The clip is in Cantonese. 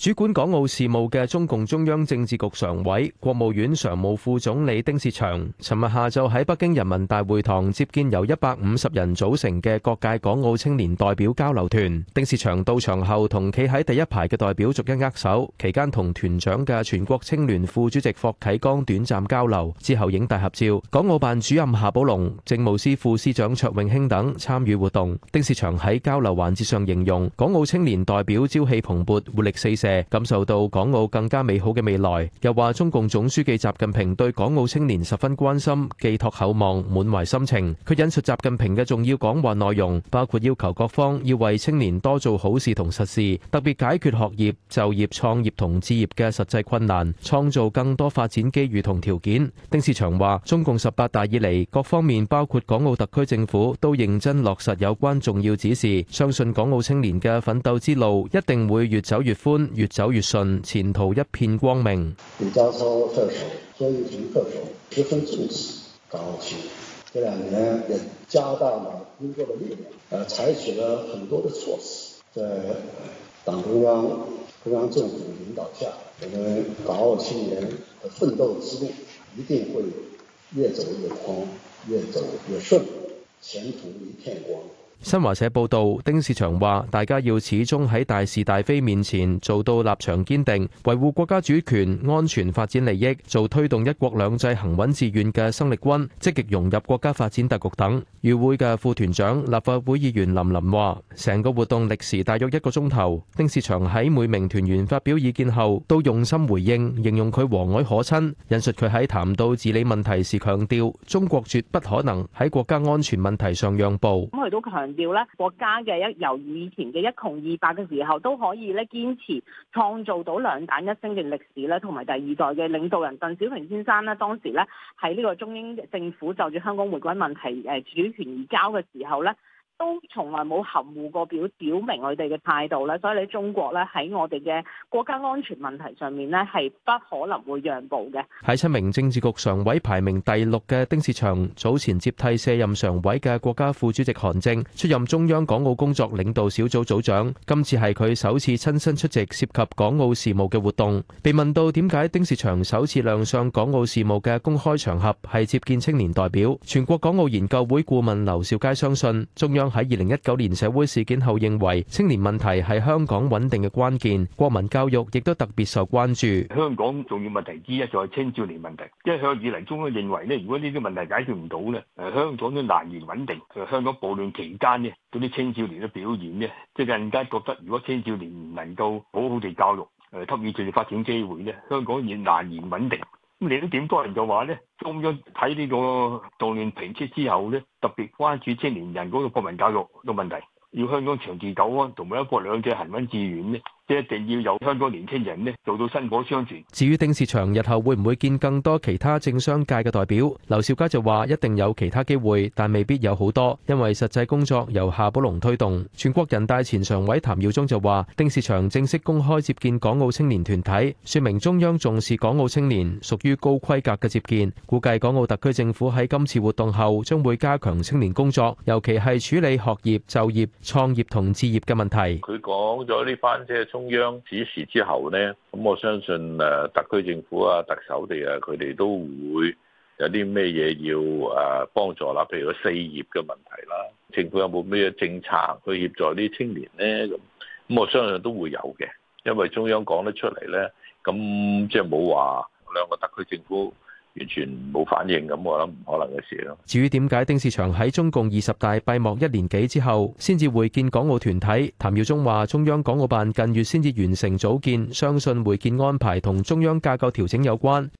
主管港澳事務嘅中共中央政治局常委、國務院常務副總理丁薛祥，尋日下晝喺北京人民大會堂接見由一百五十人組成嘅各界港澳青年代表交流團。丁薛祥到場後，同企喺第一排嘅代表逐一握手，期間同團長嘅全國青聯副主席霍啟剛短暫交流，之後影大合照。港澳辦主任夏寶龍、政務司副司長卓永興等參與活動。丁薛祥喺交流環節上形容，港澳青年代表朝氣蓬勃、活力四射。感受到港澳更加美好嘅未來，又話中共總書記習近平對港澳青年十分關心，寄託厚望，滿懷深情。佢引述習近平嘅重要講話內容，包括要求各方要為青年多做好事同實事，特別解決學業、就業、創業同置業嘅實際困難，創造更多發展機遇同條件。丁薛祥話：中共十八大以嚟，各方面包括港澳特區政府都認真落實有關重要指示，相信港澳青年嘅奮鬥之路一定會越走越寬。越走越順，前途一片光明。李家超特首，孫玉從特首十分重視港澳青年，這兩年也加大了工作的力量，呃，採取了很多的措施，在黨中央、中央政府領導下，我們港澳青年的奮鬥之路一定會越走越寬，越走越順，前途一片光明。新華社報道，丁薛祥話：大家要始終喺大是大非面前做到立場堅定，維護國家主權、安全、發展利益，做推動一國兩制行穩致遠嘅生力軍，積極融入國家發展大局等。與會嘅副團長、立法會議員林琳話：成個活動歷時大約一個鐘頭，丁薛祥喺每名團員發表意見後都用心回應，形容佢和藹可親。引述佢喺談到治理問題時強調：中國絕不可能喺國家安全問題上讓步。咁我哋都係。料咧，國家嘅一由以前嘅一窮二白嘅時候，都可以咧堅持創造到兩彈一星嘅歷史咧，同埋第二代嘅領導人鄧小平先生咧，當時咧喺呢個中英政府就住香港回歸問題誒主權移交嘅時候咧，都從來冇含糊過表表明佢哋嘅態度咧，所以喺中國咧，喺我哋嘅國家安全問題上面咧係不可能會讓步嘅。喺七名政治局常委排名第六嘅丁薛祥，早前接替卸任常委嘅國家副主席韓正出任中央港澳工作領導小組組長，今次係佢首次親身出席涉及港澳事務嘅活動。被問到點解丁薛祥首次亮相港澳事務嘅公開場合係接見青年代表，全國港澳研究會顧問劉兆佳相信中央。喺二零一九年社會事件後，認為青年問題係香港穩定嘅關鍵，國民教育亦都特別受關注。香港重要問題之一就係青少年問題，一向以嚟中央認為咧，如果呢啲問題解決唔到咧，誒，香港都難言穩定。誒，香港暴亂期間咧，呢啲青少年嘅表現咧，即係更加覺得，如果青少年唔能夠好好地教育，誒，給予佢哋發展機會咧，香港亦難言穩定。你都點多人就話咧，中央睇呢個動亂平息之後咧，特別關注青年人嗰個國民教育嘅問題，要香港長治久安，同埋一國兩制行穩致遠咧，一定要有香港年輕人咧做到薪火相傳。至於丁薛祥日後會唔會見更多其他政商界嘅代表？劉兆佳就話：一定有其他機會，但未必有好多，因為實際工作由夏寶龍推動。全國人大前常委譚耀宗就話：丁薛祥正式公開接見港澳青年團體，說明中央重視港澳青年，屬於高規格嘅接見。估計港澳特區政府喺今次活動後，將會加強青年工作，尤其係處理學業、就業、創業同置業嘅問題。佢講咗呢班即係。中央指示之後呢，咁我相信誒特區政府啊、特首哋啊，佢哋都會有啲咩嘢要誒幫助啦。譬如四業嘅問題啦，政府有冇咩政策去協助啲青年呢？咁咁我相信都會有嘅，因為中央講得出嚟呢。咁即係冇話兩個特區政府，完全冇反應，咁我諗唔可能嘅事咯。至於點解丁薛祥喺中共二十大閉幕一年幾之後先至會見港澳團體？譚耀宗話：中央港澳辦近月先至完成組建，相信會見安排同中央架構調整有關。